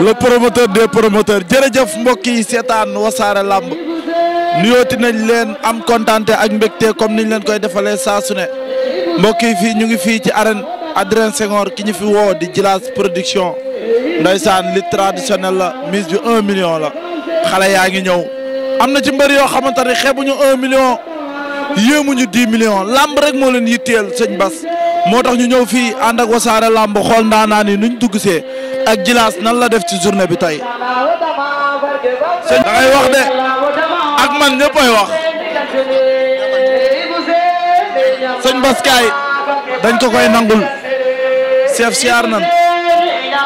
le promoteur des promoteurs jërëjëf mbokk yi seetaan wasaare làmb nuyooti nañ leen am kontante ak mbégte comme niñ leen koy defalee saa su ne mbokk fii ñu ngi fii ci arène Adrien Senghor ki ñu fi woo di Djilass Production ndeysaan li traditionnel la mise bi un million la xale yaa ngi ñëw am na ci mbër yoo xamante ne xeebuñu un million yéemuñu dix millions làmb rek moo leen yitteel sëñ Bas moo tax ñu ñëw fii ànd ak wasaare làmb xool ndaanaan yi nuñ dugg see ak Djilass nan la def ci journée bi tey. da ngay wax de ak man ñëppay wax. sëñ Baskaay dañ ko koy nan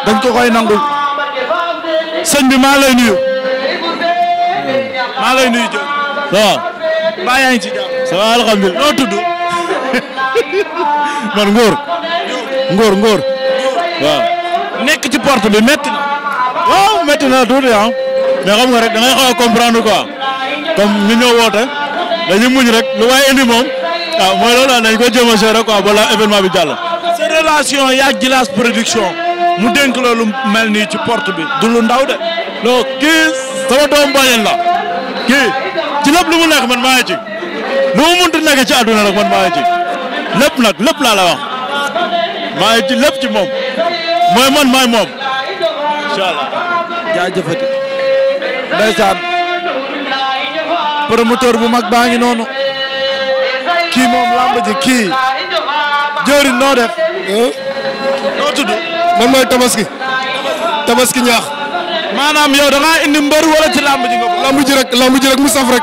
dañ ko bi maa lay nuyu. maa lay nuyu Diop. waaw. ngi ci jàmm. ça va noo tudd. man Ngor. Ngor Ngor. waaw. nekk ci port bi métti na. waaw métti na tuuti ah. mais xam nga rek da ngay xaw a comprendre quoi comme ñoo woote dañuy muñ rek lu waaye indi moom waaw ah, mooy loolu daal ah, dañ ko jéem a gérer quoi balaa bi jàll. sa relation yaa Djilass Production mu dénk loolu mel nii ci porte bi du lu ndaw de. loo kii sama doom bàyyi la kii ci lépp lu mu nekk man maa ngi ci lu mu munti lépp nag laa la wax maa ngi ci lépp ci moom. mooy man maay moom incha allah. jaajëfati. ndeysaan. promoteur bu mag baa ngi noonu. kii moom làmb ji kii. jëriñ noo def. Eh? noo tudd. man tabaski. tabaski ñaax. maanaam yow da ngaa indi mbër wala ci làmb ji nga ko. làmb ji rek làmb ji rek mu saf rek.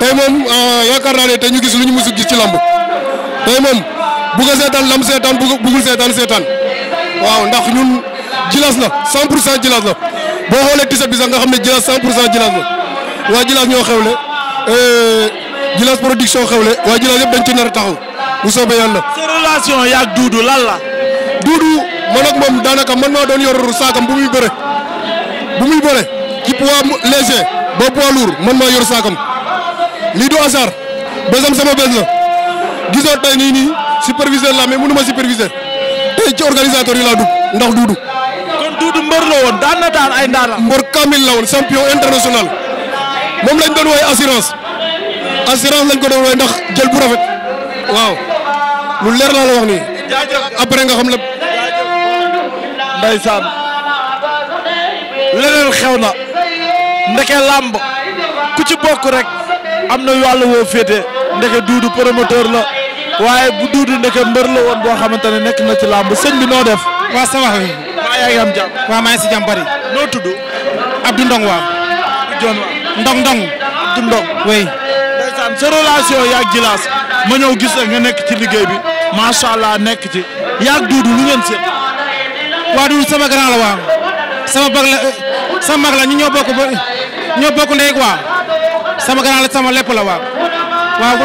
tey moom euh, yaakaar naa ne tey ñu gis lu ñu musul gis ci làmb. tey moom bu ko seetaan lam seetaan bu ko bugul seetaan seetaan. waaw ndax ñun jilas la 100 pour cent boo xoolee t-shirt bi sax nga xam ne jilas 100 pour cent jilas la waa jilas ñoo xewle euh, jilas production le waa jilas yëpp dañ ci nar taxaw bu soobee yàlla. sa relation yaag Doudou la. Doudou man ak moom daanaka man maa doon yor saakam bu muy bëre bu muy bëre ci poids léger ba poids lourd man maa yor saakam lii du hasard besam sama bés la gisoo tey nii nii superviseur la mais mënu ma superviseur. tey ci organisateur yi laa dugg ndax Doudou. mbër la woon daan na daan ay ndaanaan. mbër kamil la woon champion international moom lañ doon woy assurance assurance lañ doon woy ndax jël bu waaw lu leer laa la wax nii. après nga xam lépp. ndeysaan leneen xew na ndeke làmb ku ci bokk rek am na wàll woo féete ndeke Doudou promoteur la. waaye bu duudu ndeke mbër la woon boo xamante ne nekk na ci làmb sëñ bi noo def. waaw ça va oui. waaw yaa ngi am jàmm. waaw maa ngi si jàmm bari. noo tudd. Abdou Ndong waaw. John waaw. Ndong Ndong. Abdou Ndong. oui. ndeysaan sa relation yaag Djilass ñëw gis nga nekk ci liggéey bi macha allah nekk ci yaag duudu lu ngeen seet. waa duudu sama grand la sama bag la ñu ñoo bokk ba ñoo bokk ndey waaw. sama grand sama lépp la waaw. waaw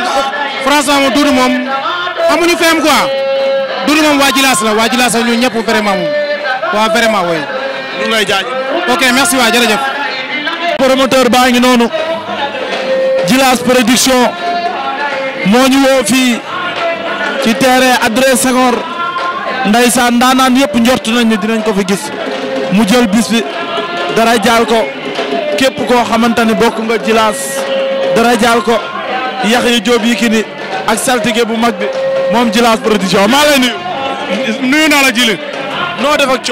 François moom duudu moom. amuñu feem quoi Doudou moom waa Jilaas la waa Jilaas la ñun ñëpp vraiment moom waa vraiment woy merci waa jërëjëf. promoteur baa ngi noonu Jilaas production moo ñu woo ci terrain adresse Senghor ndeysaan ndaanaan yëpp njort nañ ne dinañ ko fi gis mu jël bis bi dara jaal ko képp koo xamante ni bokk nga Jilaas dara jaal ko yax yi jóob yi ak saltige bu mag moom Djilass production maa lay nuyu. nuyu naa la Djily. noo def ak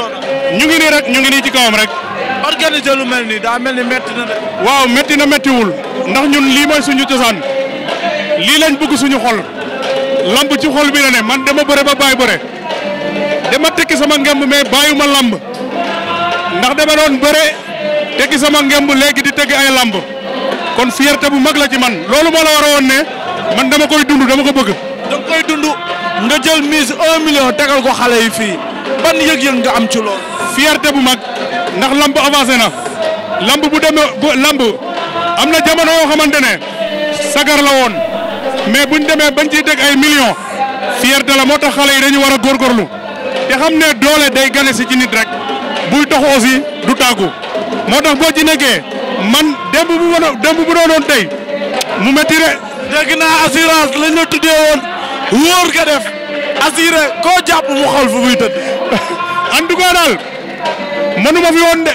ñu ngi nii rek ñu ngi nii ci kawam rek. organiser lu mel nii daa mel ni metti na de. waaw métti na méttiwul. ndax ñun lii mooy suñu cosaan. lii lañ bëgg suñu xol. lamb ci xol bi la ne man dama bëre ba bàyyi bëre. dama tekki sama ngemb mais bàyyiwuma lamb. ndax dama doon bëre tekki sama ngemb léegi di tëgg ay lamb. kon fierté bu mag la ci man loolu moo la war a woon ne man dama koy dund dama ko bëgg. da nga koy dund nga jël mise un million ko xale yi fii ban yëg-yëg nga am ci lool fierté bu mag ndax lamb avancé na lamb bu demee bu lamb am na jamono yoo xamante ne sagar la woon mais buñ demee bañ ciy teg ay millions fierté la moo tax xale yi dañu war a góorgóorlu te xam ne doole day gane si ci nit rek buy dox aussi du tàggu moo tax boo ci nekkee man démb bu ma démb tey mu métti de. dégg naa assurance lañ la tuddee woon. wóor nga def assuré koo jàpp mu xool fu muy tëdd. en tout mënuma fi woon de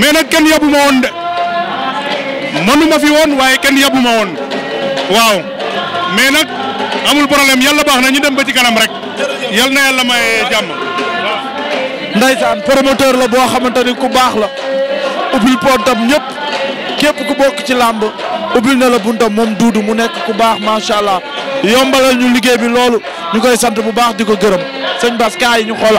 mais nag kenn yabuma woon de mënuma fi woon waaye kenn yabuma woon waaw mais nag amul problème yalla baax na ñu dem ba ci kanam rek yal na yàlla may jàmm. Ndeysaan promoteur la boo xamante ni ku baax la ubbil pontam ñëpp képp ku bokk ci làmb ubbil na la buntam moom duudu mu nekk ku baax macha allah yombalal ñu liggéey bi loolu ñu koy sant bu baax di ko gërëm sëñ Bass yi ñu xool.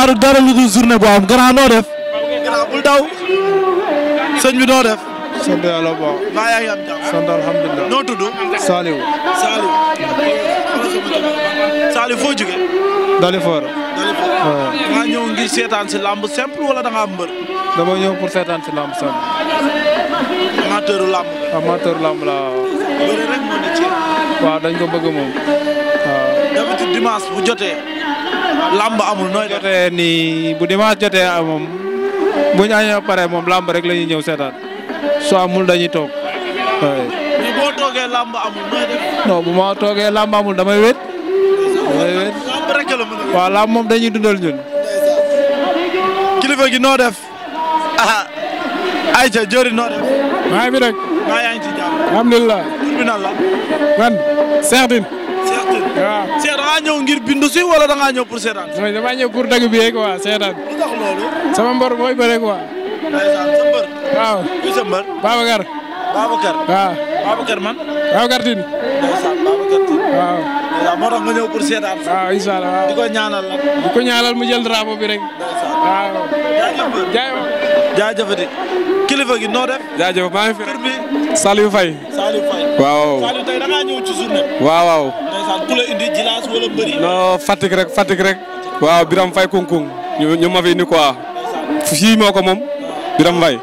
xaaru dara lu dul journée bu am grand noo def. grand bi noo def. sant yàlla bu baax. baax yaa ngi am jàmm. sant alhamdulilah. noo tudd. Saliou. Saliou. foo jógee. Dalifor. nga ñëw ngir seetaan si lamb simple wala da nga am mbër. dama ñëw pour seetaan si lamb simple. amateur lamb. amateur lamb la waaw. bëri rek dañ ko bëgg moom waaw. dama ci bu jotee. làmb amul nooy jotee nii bu dimanche jotee ah, moom bu ñu añee moom làmb rek la ñëw seetaan soo amul dañuy toog mais boo toogee làmb amul bu ma toogee làmb amul damay wét. damay wét làmb rek moom dañuy dundal ñun. kilifa gi noo def. ah Aïcha maa ngi maa yaa ngi ci jàmm. alhamdulilah. tur mbër. waaw Cheikh da ngaa ñëw ngir bindu si wala da ngaa ñëw pour seetaan. mooy damaa ñëw pour dagg bi rek waa seetaan. lu tax loolu. sama mbor mooy bëre quoi. ndeysaan sa mbër. waaw kuy sa mbër. Babacar. Babacar. waaw Babacar man. Babacar Tine. ndeysaan Babacar Tine. waaw. waaw moo tax ma ñëw pour seetaan. waaw incha allah waaw di ko ñaanal la. di ko ñaanal mu jël drapeau bi rek. waaw. jaajëf jaajëfati kilifa gi noo def. jaajëf maa ngi fi kër bi. Saliou Faye. waaw. waaw waaw. rek Fatick rek. waaw Biram Faye kunkung ñu ñu ma fi ni quoi. fii moo ko moom. Biram Faye.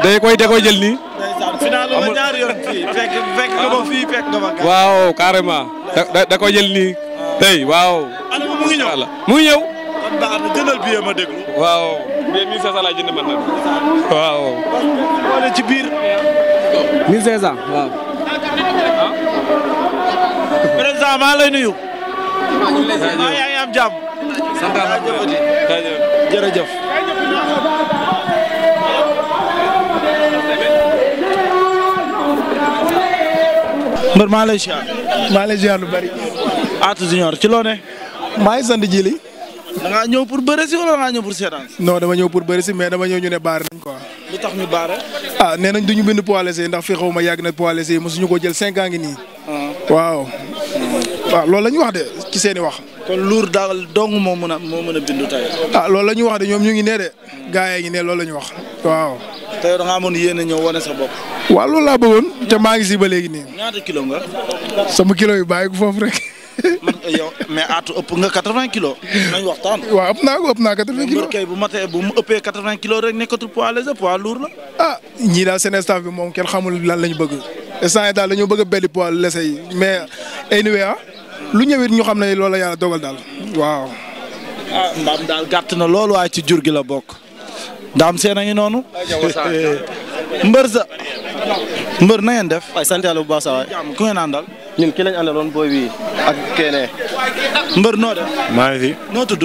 keroog koy da koy jël waaw carrément. da da tey waaw. mu ngi ñëw mu ngi ñëw. kon baax na jëndal billet ma waaw. mais 1500 laa ci biir. 1500 waaw. Ah. maa lay nuyu. maa yaa ngi mbër maa lay ziar. lu bari. Atou Junior ci loo ne. maa ngi sant jili da ñëw pour bëre si wala da ñëw pour seetaan si. non dama ñëw pour bëre si mais dama ñëw ñu ne baare nañ quoi. lu tax ñu baare. ah nee nañ du ñu bind poids léger ndax fii xaw ma yàgg na poids léger mosuñu ko jël cinq ans ngi nii. Ah. waaw. waaw loolu la ñu wax de ci seen i wax. kon Lour daal dong moo mën moo mën a bindu tey. ah loolu la ñu wax de ñoom ñu ngi nee de gars yi ngi ne loolu la ñu wax waaw. tey da ngaa amoon yéen a ñëw wane sa bopp. waaw loolu laa bëggoon te maa ngi si ba léegi nii. ñaata kilo nga. sama kilo yi bàyyi ko foofu rek. yow mais aatu ëpp nga 80 kilos. nañ waxtaan. waaw ëpp naa ko ëpp naa 80 bu matee bu mu ëppee 80 kilos rek nekkatul poids léger poids lourd la. ah ñii daal seen bi moom kenn xamul lan lañ bëgg instant daal dañoo bëgg a beddi poids léger yi mais anyway ah, lu ñëwit ñu xam ne loolu la yàlla dogal daal waaw. a ah, mbaam daal gàtt na lool waaye ci jur gi la bokk. ndaam seen a ngi noonu. mbër sa mbër na ngeen def. waay sant yàlla bu baax sa waay ku ngeen àndal ñun ki lañ àndaloon booy bii ak keneen. mbër noo def. maa ngi fi. noo tudd.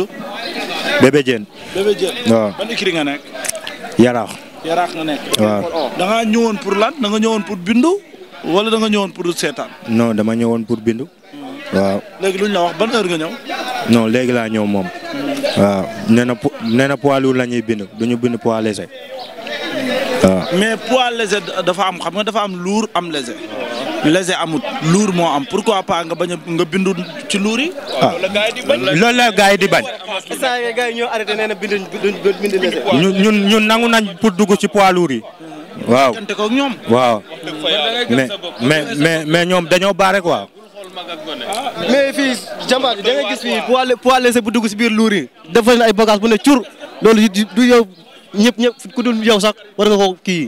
Bébé Diène. Bébé Diène. nga nekk. waaw da ngaa ñëwoon pour lan danga nga ñëwoon pour bindu. wala da nga ñëwoon pour seetaan. non dama ñëwoon pour bindu. waaw léegi luñ la wax léegi laa ñëw moom. waaw nee na po nee na poids lourd la ñuy bind ñu bind poids mais poids léger dafa am xam dafa am lourd am léger. léger amut luur moo am pourquoi pas nga bañ a nga bindu ci luur yi. Ah. Ah. la gars di bañ. saa yi gars yi ñoo arrêté nee na bindu bindu léger. ñun ñun ñun nangu nañ pour dugg ci poids lourd yi. waaw waaw mais mais mais mais ñoom dañoo baare quoi. mais fii jàmbaar bi da ngay gis fii poids poids léger bu dugg si biir luur yi. defal ay bagage bu ne cur loolu du yow. ñëpp ñëpp ku dul yow sax war nga ko kii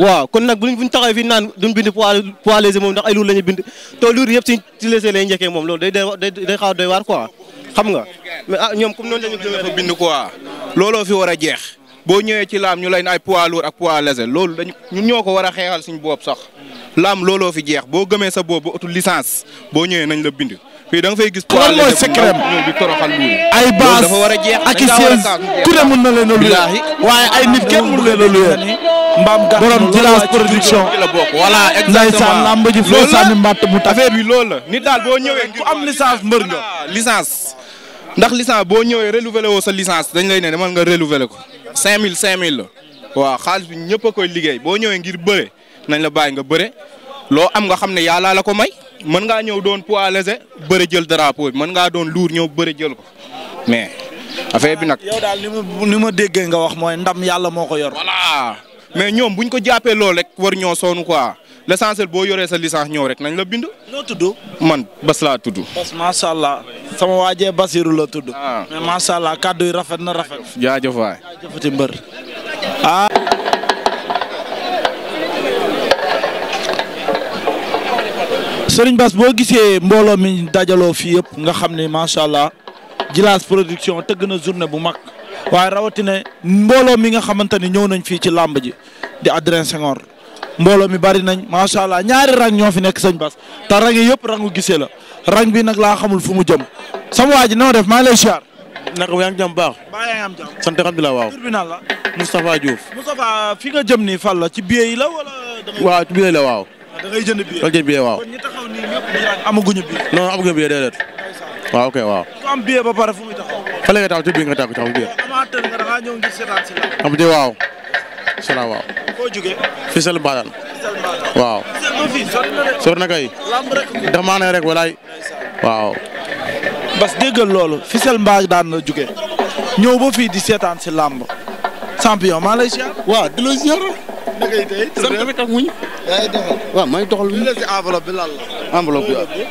waaw kon nag bu buñ taxawee fii naan duñ bind poids poids léger moom ndax ay lourd la ñuy bind te lourd yëpp ci ci léger lay njëkkee moom loolu day day day xaw a doy waar xam nga mais ah ñoom comme noonu la ñu dafa bind quoi looloo fi war a jeex boo ñëwee ci laam ñu lay ay poids lourd ak poids léger loolu dañu ñun ñoo ko war a xeexal suñu bopp sax laam looloo fi jeex boo gëmee sa boobu ba utul licence boo ñëwee nañ la bind. fii da nga fay gis. lan mooy secret di toroxal luy. ay base dafa war a jeex ak i chaise ku ne mun na leen a luy. waaye ay nit kenn mun leen a luy. mbaam gàtt borom Djilass production voilà exactement ndeysaan lamb ji foo sànni mbàtt mu tax bi loolu la nit daal boo ñëwee ku am licence mbër nga licence ndax licence boo ñëwee renouveler woo sa licence dañ lay ne demal nga renouveler ko cinq mille cinq mille waaw xaalis ñëpp koy liggéey boo ñëwee ngir bëre nañ la bàyyi nga bëre loo am nga xam ne yàlla la ko may mën ngaa ñëw doon poids léger bëre jël dara bi man ngaa doon luur ñëw bëre jël ko mais affaire bi nag. yow ni ma ni ma déggee nga wax mooy ndam yàlla moo ko yor. voilà mais ñoom buñ ko jàppee lool rek war ñoo sonn quoi l'essentiel boo yoree sa licence ñëw rek nañ la bind. tudd. man Bas laa tudd. macha allah sama waajee Basiru la tudd. Ah. mais macha allah kàddu yi rafet na rafet. jaajëf waay. jaajëfati Serigne Bass boo gisee mbooloo mi dajaloo fii yëpp nga xam ne macha allah Djilass production tëgg na journée bu mag waaye rawatina mbooloo mi nga xamante ni ñëw nañ fii ci làmb ji di Adrien Senghor mbooloo mi bari nañ macha allah ñaari rang ñoo fi nekk sëñ Bass te rang yi yëpp rangu gisee la rang bi nag laa xamul fu mu jëm sama waaj ji noo def maa ngi lay siyaar. naka yaa baax. maa ngi am jàmm sant alhamdulilah waaw. tur bi naan la. Moustapha Diouf. fi nga jëm ni fal la ci biir yi la wala. waaw la waaw. Ah, da ngay jënd billet da waaw. amaguñu billet. non ok waaw. am billet ba pare fu muy taxaw. fa la ngay taxaw ci biir nga taxaw ci nga da ngaa ñëw seetaan si la. am na waaw. salaam waaw. koo jógee. rek walaay. waaw. bas loolu Fissel Mbaye daan na jóge ñëw fii di seetaan si làmb na ngay tey sant bi waaw may doxal. li la si enveloppe bi lan la.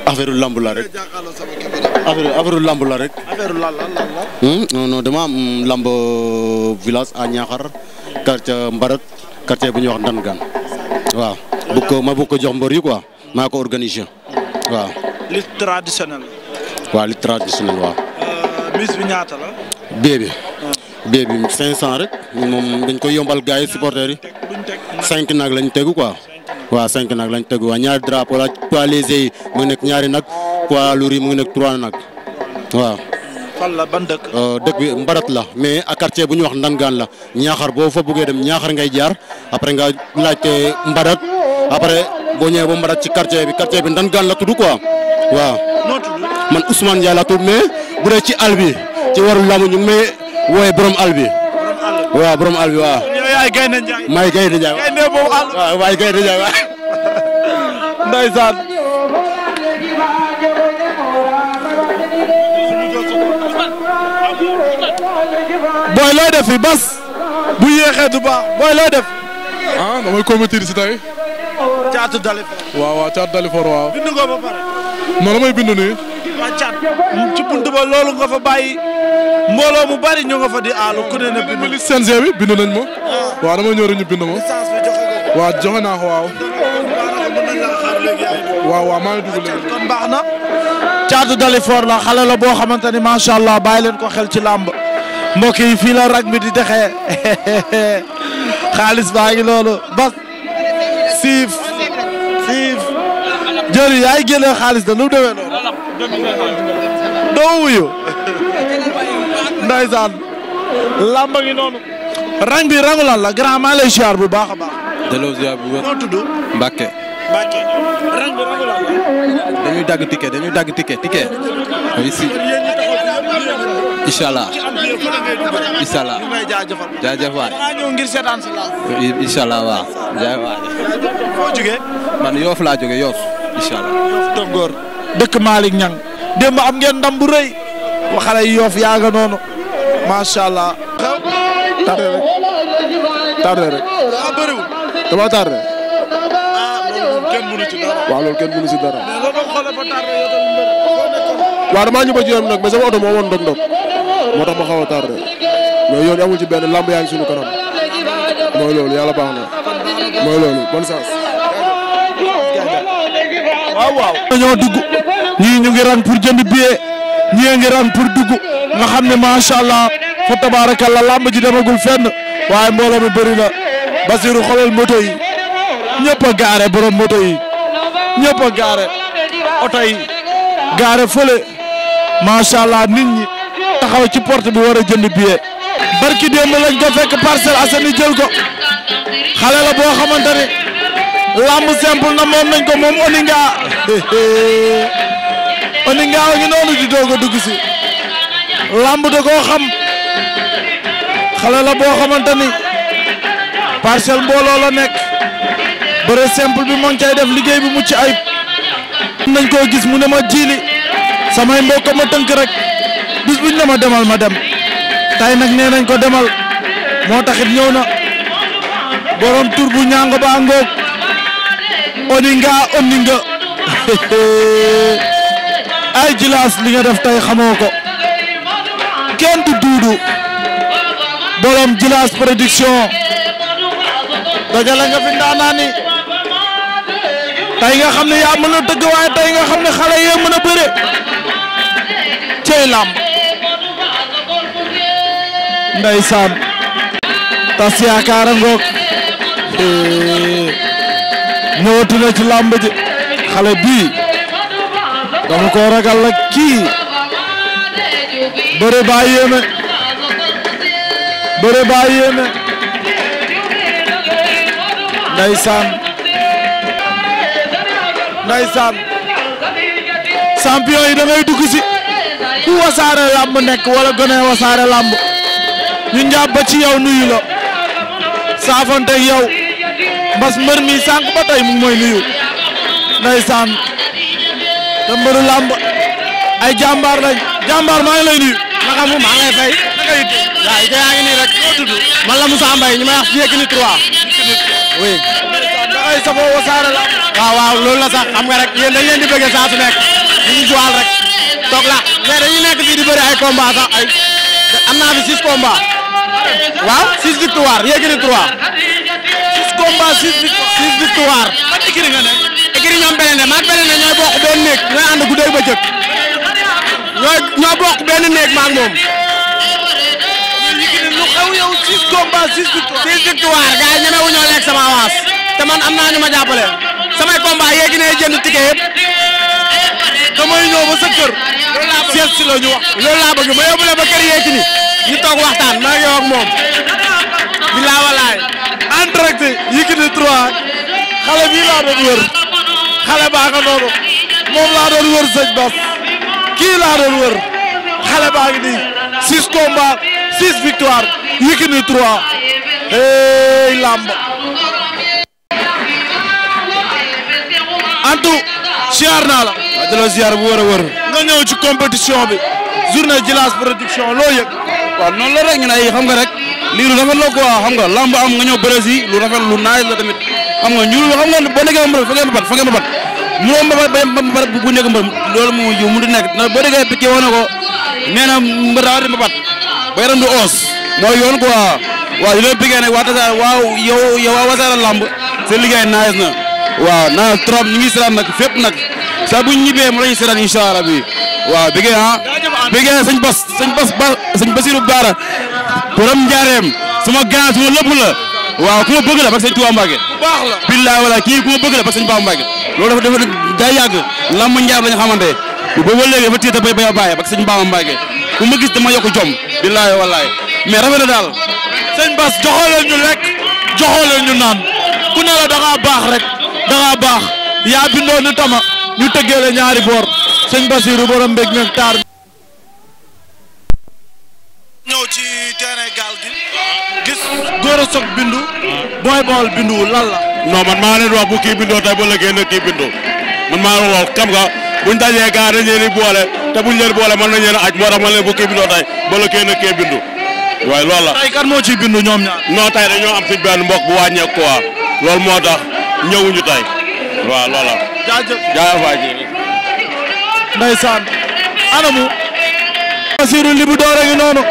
affaire lamb la rek. affaire affaire hmm, lamb la rek. affaire lan lamb village à Niakhar quartier Mbarat quartier bu ñuy wax Ndangaan waaw bu ko ma bëgg ko jox mbër yi maa ko organisé waaw. li traditionnel. waaw li euh, bi bi. bee bi rek moom dañ koy yombal gars yi yi. cinq nag lañ tegu quoi waaw cinq nag lañ tegu waaw ñaari drapeau la poids léger yi mu ngi nekk ñaari nag poids lourd mu ngi nekk trois nag waaw. fan la ba dëkk. Euh, dëkk bi Mbarat la mais à quartier bu ñu wax Ndangaan la ñaaxar boo fa bëggee dem ñaaxar ngay jaar après nga laajte Mbarat après boo ñëwee ba Mbarat ci quartier bi quartier bi Ndangaan la tudd quoi waaw. noo tudd man Ousmane Ndiaye la tudd mais bu dee ci àll bi ci waru lamu ñu may woowee borom àll bi. borom àll maay Gaynde Njaay maay Gaynde Njaay gaynde boobu booy looy def fi bas bu yéexee du booy looy def ah damay combattre si tey caatu Dalifor waaw caatu Dalifor waaw bind ko ba pare non damay caat ci ba loolu nga fa bàyyi mbooloo mu bari ñu nga fa di aalu ku ne ne bind li CNG bi bind nañ ma waaw dama ñëw rek ñu bind ma waaw joxe naa ko waaw waaw waaw maa ngi dugg léegi kon baax na Thiatou Dalifor la boo xamante ni macha allah bàyyi leen ko xel ci làmb mbokk yi fii rag bi di dexee xaalis baa ngi bas siif siif jëri yaay xaalis da lu demee ndeysaan làmba ngi noonu rang bi rangu lan la grand maa lay ziar bu baax a baax delloo ziar bu wér noo tudd Mbacke Mbacke rang bi rangu lan la dañuy dagg ticket dañuy dagg ticket ticket oui si incha allah incha allah jaajëf waay incha allah waaw jaajëf waay. foo jógee. man yoof laa jógee yoof incha allah. Dóor dëkk Malick Niang démb am ngeen ndam bu rëy waxale yoof yaa nga noonu. macha allah. tardé rek tardé rek. ah bëriwul. damaa tardé. ah loolu kenn mënu ci dara. waaw loolu kenn ci dara. mais loolu xoolee ba moo woon ndog-ndog moo tax ma xaw a tardé mais yoon amul ci benn lamb yaa ngi suñu kanam mooy loolu yàlla baax na mooy loolu bonne chance. waaw ah, waaw. ñoo dugg ñii ñii ngi ran dugg nga xam ne macha allah fa tabaarakalla làmb ji demagul fenn waaye mbooloo mi bëri Basiru xoolal moto yi ñëpp a gaare borom moto yi ñëpp a gaare oto yi gaare fële macha allah nit ñi taxaw ci porte bi war a jënd billet. barki démb lañ ko fekk Parcelles Assainies jël ko xale la boo xamante ne làmb na moom nañ ko moom Oninga. Oni Ngaaw ngi noonu di doog a dugg si lamb xamante ni parcelle mbooloo la nekk bëre simple moo ngi cay liggéey bi mucc ayib koo gis mu ne ma jiili samay mbokk ma tënk rek bis buñ demal ma dem tay nag nañ ko demal moo taxit ñëw na borom tur bu ñaango ba ay jilaas li nga def tey xamoo kenn du duudu borom jilaas production dajale nga fi ndaanaani tey nga xam ne yaa mën a dëgg waaye tey nga xam ne xale yee mën a bëre cey làmb ndeysaan tas yaakaara ngoog ñëwatu na ci làmb ji xale bii dama ko ragal la kii bëre baa yéeme bëre baa yéeme ndeysaan ndeysaan champion yi da ngay dugg si ku wasaare làmb nekk wala gone wasaare làmb ñu njàpp ba ci yow nuyu la saafonteeg yow mbas mbër mi sànq ba tey mu ngi mooy nuyu ndeysaan te mbëru làmb ay jàmbaar lañ jàmbaar maa ngi lay nuyu. naka mu maa ngi lay fay. naka it waaw it yaa ngi nii rek. noo tudd man la Moussa Mbaye may wax Yékini 3. oui. da ngay safoo Wassare la. waaw waaw loolu la sax xam nga rek yéen dañ leen di bëggee saa su nekk ñu ngi juwaal rek toog la mais dañuy nekk fii di bëri ay combat sax ay am naa fi six combat waaw six victoire Yékini 3. six combat six victoire. six victoire. ban écurie ñoom Belende maag Belende ñooy bokk benn néeg ñooy ànd guddeeg ba jëkk ñooy ñoo bokk benn néeg maag moom. lu xew yow six combats six victoires. six victoires gars yi ñoo lekk sama avance te am naa ñu ma samay combat yeegi ne jënd ticket yëpp damay ñëw ba sa kër. loolu laa bëgg si la ñu wax. loolu laa bëgg ma yóbbu la ba kër yeegi ni ñu toog waxtaan maa ngi wax ak moom. bilaa walaay. en direct Yékini 3 xale bii laa doon xale baa nga noonu moom laa doon wër sëñ Bas kii laa doon wër xale baa ngi nii six combats six victoire Yékini trois hey làmb antu siyaar naa la. waaw delloo siyaar bu wër a wër. nga ñëw ci compétition bi journée Djilass production loo yëg. waaw noonu la rek ñu ne ay xam lii lu rafet la quoi xam nga làmb am nga ñëw bërës lu rafet lu naaj la tamit. xam nga ñuul xam nga boo nekkee mbër fa ngay mbabat fa ngay mbabat mënoo mbabat ba mbabat bu nekk mbër loolu moo jiw mënut a nekk ndax boo déggee picc wax ko nee na daa war di mbabat ba yaram oos mooy yoon quoi waaw yu leen waa tasaare waaw yow yow waa wasaare lamb seen liggéey naaj na waaw naaj trop ñu ngi seetaan nag fépp nag saa bu ñu ñibbee mu la ñu seetaan incha allah bi waaw bi ngeen ah bas sëñ bas ba sëñ basiru baara borom njaareem sama gàncax suma lépp waaw ku ma bëgg la parce que sëñ Tuubaa Mbàkke bu baax la kii ku ma bëgg la parce que a Bamba loolu dafa dafa day yàgg lamb njaar lañ xamante boobu ba léegi dafa téye te bay bay a bàyyi parce que sëñ Bamba Mbàkke ku ma gis dama yokk jom billaay walaay mais rafet daal sëñ Bass joxoo ñu lekk joxoo ñu naan ku ne la da rek da ngaa baax yaa bindoon ni tama ñu tëggee ñaari boor sëñ Bassirou borom mbég meeg taar Gora Sock bindu. Boy Baol la. non man maa leen wax bu kii bindoo tey ba léegi nag kii bindoo man maa leen wax xam nga buñ dajee gaa dañ leen boole te buñ leen boole mën nañ leen a aj moo tax man leen bu kii bindoo tey ba léegi nag kii bindu waaye loolu la. tey moo ciy bindu ñoom ñaar. non tey dañoo am suñ benn mbokk bu wàññeeku quoi loolu moo tax ñëwuñu tey waaw loolu la. jaajëf jaajëf waay ji. anamu. Basirou Libou Dore ngi noonu.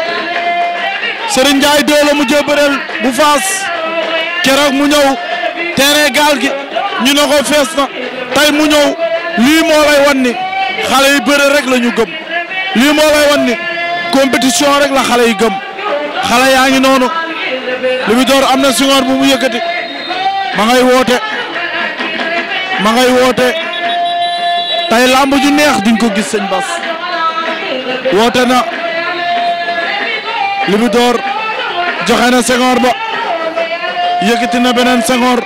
Serigne Ndiaye doo mu jébbal bu faas keroog mu ñëw terrain gaal gi ñu ne fees na tey mu ñëw lii moo lay wan xale yi bëre rek la ñu gëm lii moo lay wan ni rek la xale yi gëm xale yaa ngi noonu li mu am na singoor bu mu yëkkati ma ngay woote ma ngay woote tey làmb ju neex di ko gis sëñ Bas woote na. Libidor joxe na sengoor ba yëkkati na beneen sengoor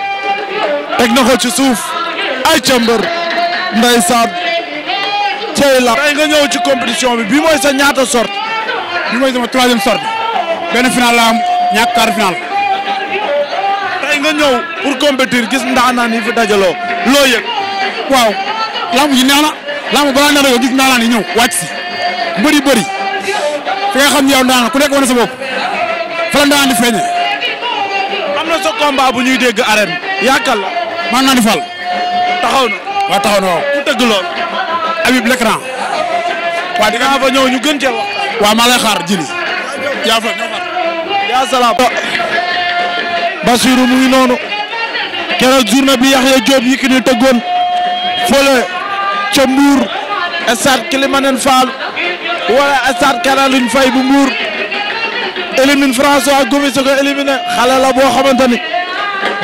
teg na ci suuf ay cëmbër ndeysaan cey la tey nga ñëw ci compétition bi bii mooy sa ñaata sorte bi mooy sama troisième sorte benn final la am ñàkk quart final tey nga ñëw pour compétir gis ndaanaan yi fi dajaloo loo yëg waaw lamb ji neex na lamb balaa neex na gis ndaanaan yi ñëw wàcc si mbëri fi nga xam ne yow ndaanaan ku nekk wane sa bopp fa la ndaanaan am na sa combat bu ñuy dégg arène yaakaar la man naa di fal taxaw na waaw taxaw na wa ku tëgg lool Habib l'écran waaw di nga fa ñëw ñu gën cee wax waaw maa lay xaar jili yaa Basiru mu ngi noonu keroog journée bi Yaxya Diop yi ki ñu tëggoon fële ca Mbour stade Clémenane Fall wala stade Caroline Faye bu Mbour élimine François Gomis ko éliminé xale la boo xamante ni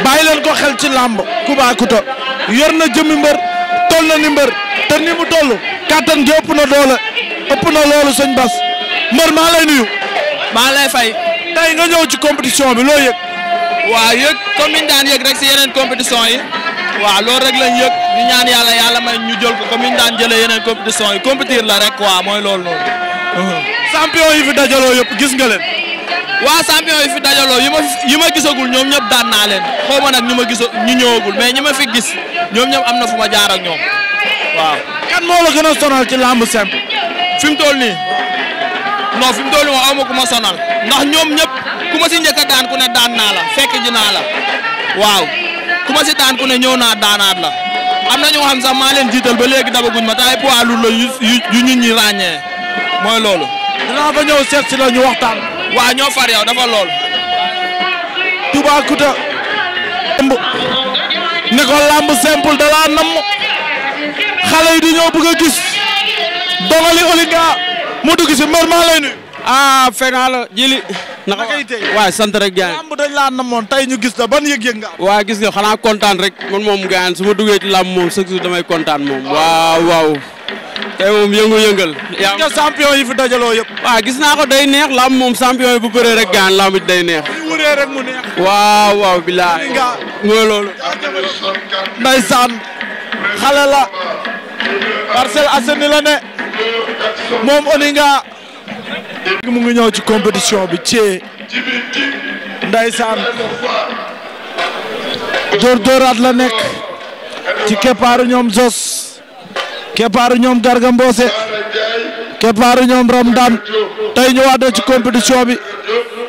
bàyyi leen ko xel ci làmb Toubacouta yor na jëmmi mbër toll na ni mbër te ni mu toll kàttan gi ëpp na doole ëpp na loolu sëñ Bas mbër maa lay nuyu. maa lay fay. tey nga ñëw ci compétition bi loo yëg. waa yëg ko ni daan yëg rek si yeneen compétition yi waaw loolu rek lañ ñu ñaan yàlla yàlla may ñu jol ko comme ni ñu daan jëlee yeneen compétition yi compétir la rek quoi mooy loolu noonu. champion yi fi dajaloo yëpp gis nga leen. waa champion yi fi dajaloo yi ma yi ma gisagul ñoom ñëpp daan naa leen ma nag ñu ma gisa ñu ñëwagul mais ñi ma fi gis ñoom ñëpp am na fu ma jaar ak waaw. kan moo la a sonal ci lamb simple. fi mu toll nii non fi mu toll nii ma ku ma sonal ndax ñoom ñëpp ku ma si njëkk a daan ku ne daan naa la fekk ji naa la waaw ku ma si ne ñëw naa daanaat la. am na ñoo xam sax maa leen jiital ba léegi dabaguñ ma te ay poids lourd la yu yu ñi ràññee mooy loolu. dinaa fa ñëw seet si la waxtaan. waa ñoo far yow dafa lool. Toubacouta. ne ko lamb simple da laa namm. xale yi dañoo bëgg a gis. dongali Olinga mu dugg si mbër maa lay nuyu. Ah, jili naka waaye sant rek gars yi lamb dañ laa namoon tey ñu gis la ban yëg-yëg waa gis nga xanaa kontaan rek man moom gars yi su ma ci lamb moom chaque jour damay kontaan moom waaw waaw tey moom yëngu-yëngal gis nga yi fi dajaloo yëpp waaw gis naa ko day neex lamb moom champion yi bu bëree rek gars yi lamb day neex wuree rek mu neex waaw waaw bilaa mooy loolu ndeysaan xale la Parcelles Assainies la ne moom Oninga léegi mu ngi ñëw ci compétition bi ci ndaysaan dóor dóoraat la nekk ci keppaaru ñoom Zos keppaaru ñoom Garga Mbossé keppaaru ñoom Ramdan tey ñëwaat na ci compétition bi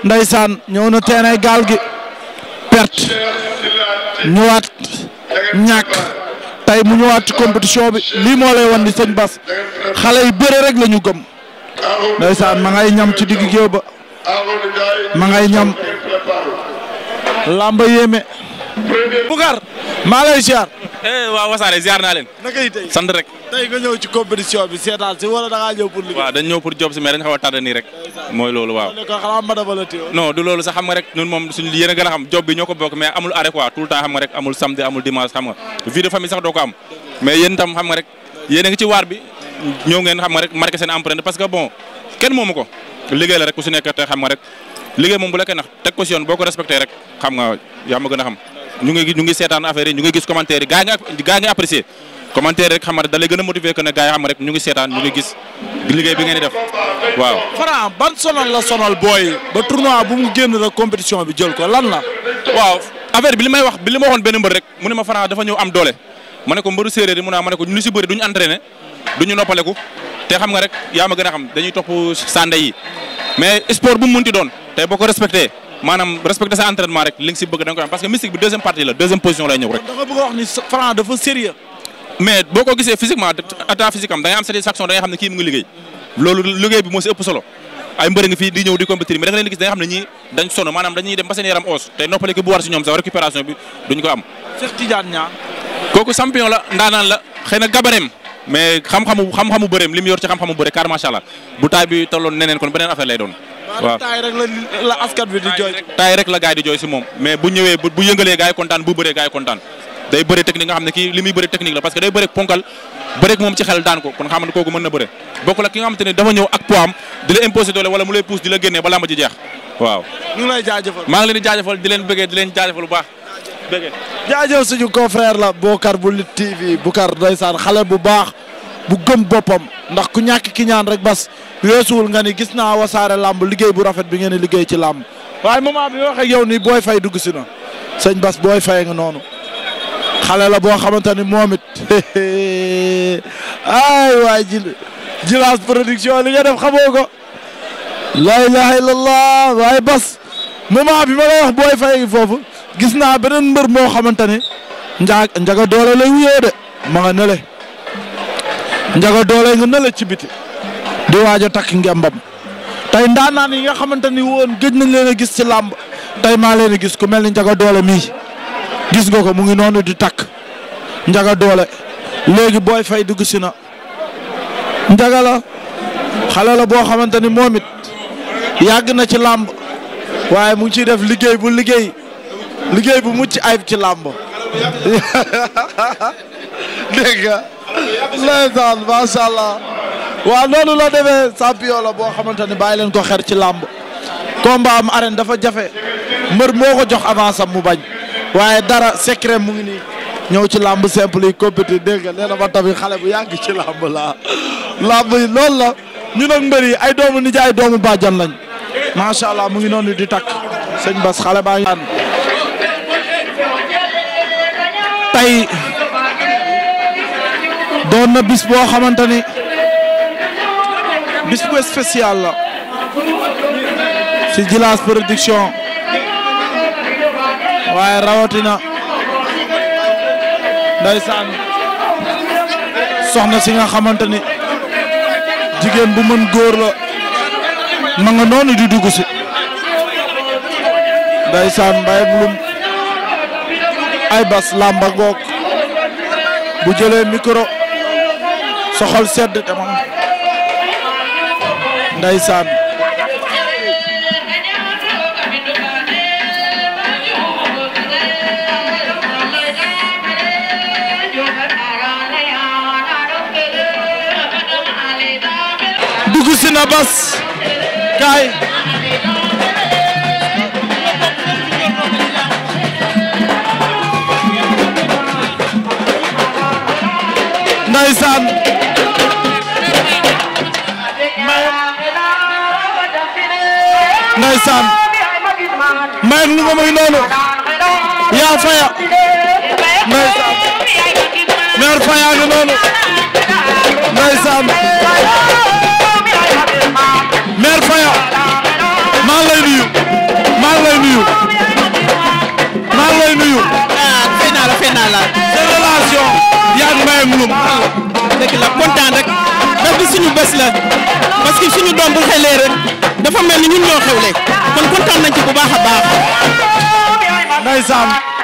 ndaysaan ñëw na teenay gaal gi perte ñëwaat ñàkk tey mu ñëwaat ci compétition bi lii moo lay wan ni Bas xale yi bëre rek la ñu gëm. ndeysaan ma ngay ñam ci digg géew ba ma ngay ñam lamba yéeme Bougar maa lay ziar eh waaw wasaare ziar naa leen naka rek tey nga ñëw ci compétition bi seetaan si wala da ñëw pour liggéey waaw dañ ñëw pour job si mais dañ xaw a tardé rek mooy loolu waaw non du loolu sax xam nga rek ñun moom suñu yéen a xam job ñoo ko bokk mais amul arrêt quoi tout le temps xam nga rek amul samedi amul dimanche xam nga vie famille sax doo ko am mais yéen tam xam nga rek yéen a ngi ci bi ñëw ngeen xam nga rek marqué seen empreinte parce que bon kenn moomu ko liggéey la rek ku si nekk te xam nga rek liggéey moom bu la kenn teg ko boo ko respecté rek xam nga yaa gën a xam ñu ngi seetaan affaire yi ngi gis a liggéey bi ngeen def waaw. ban sonal la sonal booy ba tournoi bu mu génn compétition bi jël ko lan la. waaw affaire bi wax bi waxoon benn mbër rek mu ne ma Franc dafa ñëw am doole ma ne ko mbëru séeréer mu ne ma du ñu noppaleku te xam nga rek yaa ma gën xam dañuy topp sa mais sport bu mu munti doon tey boo ko respecté maanaam respecté sa entraînement rek li si bëgg da nga wax ni Franc sérieux mais boo ko gisee physiquement état physique am da am satisfaction da xam ne kii mu liggéey loolu liggéey bi moo si ëpp solo ay mbër nga fii di ñëw di compétir mais da nga leen gis da xam ne ñii dañ sonn maanaam dañuy dem ba yaram os te noppale ko bu war si ñoom sax récupération bi duñ ko am. Cheikh Tidiane Niang. kooku champion la la xëy na gabareem mais xam-xamu xam-xamu bëreem li mu yor ci xam-xamu bëre car macha allah bu taay bi tolloon neneen kon beneen affaire lay doon. taay rek la gaay di jooy si moom mais bu ñëwee bu yëngalee gaay kontaan bu bëree gaay kontaan day bëre technique nga xam ne kii li muy bëre technique la parce que day bëre ponkal bëre moom ci xel daan ko kon xam nga kooku mën na bëre bokk la ki nga xamante ne dafa ñëw ak poids di la imposer wala mu lay pousse di la génnee ba bëgg jaajëf suñu confrère la Bokar bu Lutte TV Bokar ndeysaan xale bu baax bu gëm boppam ndax ku ñàkk ki ñaan rek bas weesuwul nga ni gis naa wasaare làmb liggéey bu rafet bi ngeen di liggéey ci làmb waaye moment bi wax ak yow nii booy fay dugg si na sëñ bas booy fay nga noonu xale la boo xamante ni moom it ay waay jilaas production li nga def xamoo ko la ilaha illallah waaye bas moment bi ma la wax booy fay foofu gis naa beneen mbër moo xamante ne njaag njaga doole lay wuyoo de ma nga nele njaga doole nga nele ci biti di waaj a takk ngembam tey ndaanaan yi nga xamante ni woon gëj na leen gis ci làmb tey maa leen gis ku mel ni njaga doole mii gis nga ko mu ngi noonu di takk njaga doole léegi booy fay dugg si na njaga la boo xamante ni moom it yàgg na ci làmb waaye mu ngi ciy def liggéey bu liggéey liggéey bu mucc ay ci làmb dégg nga ndeysaan macha allah waaw noonu la demee champion la boo xamante ne bàyyi leen ko xer ci làmb combat am arène dafa jafe mbër moo ko jox avance am mu bañ waaye dara secret mu ngi nii ñëw ci làmb simple yi compétit dégg nga nee na ma tamit xale bu yàgg ci làmb laa làmb yi loolu la ñu nag mbër yi ay doomu nijaay doomu bàjjan lañ macha allah mu ngi noonu di takk sëñ Bas xale baa ngi tey doon na bis boo xamante ni bis bu spécial la ci Djilass Production waaye rawatina ndeysaan soxna si nga xamante ni jigéen bu mën góor la ma nga noonu di dugg si ndeysaan mbay bulum ay bas làmba ngoog bu jëlee micro soxol sedd tamam ndeysaan dugg si na bas kaay ndeysaan ndeysaan maak nu nga muy noonu yaa faya ndeysaan meer faya nga noonu ndeysaan meer faya maa ngi lay nuyu maa ngi lay nuyu maa ngi lay nuyu defe naa la. sa relation. yaa ngi may mulum. la kontaan rek. bés bi suñu bés la. parce que suñu doom bu xelee rek. dafa mel ni ñun ñoo xewle. kon kontaan nañ ci bu baax a baax. ndeysaan.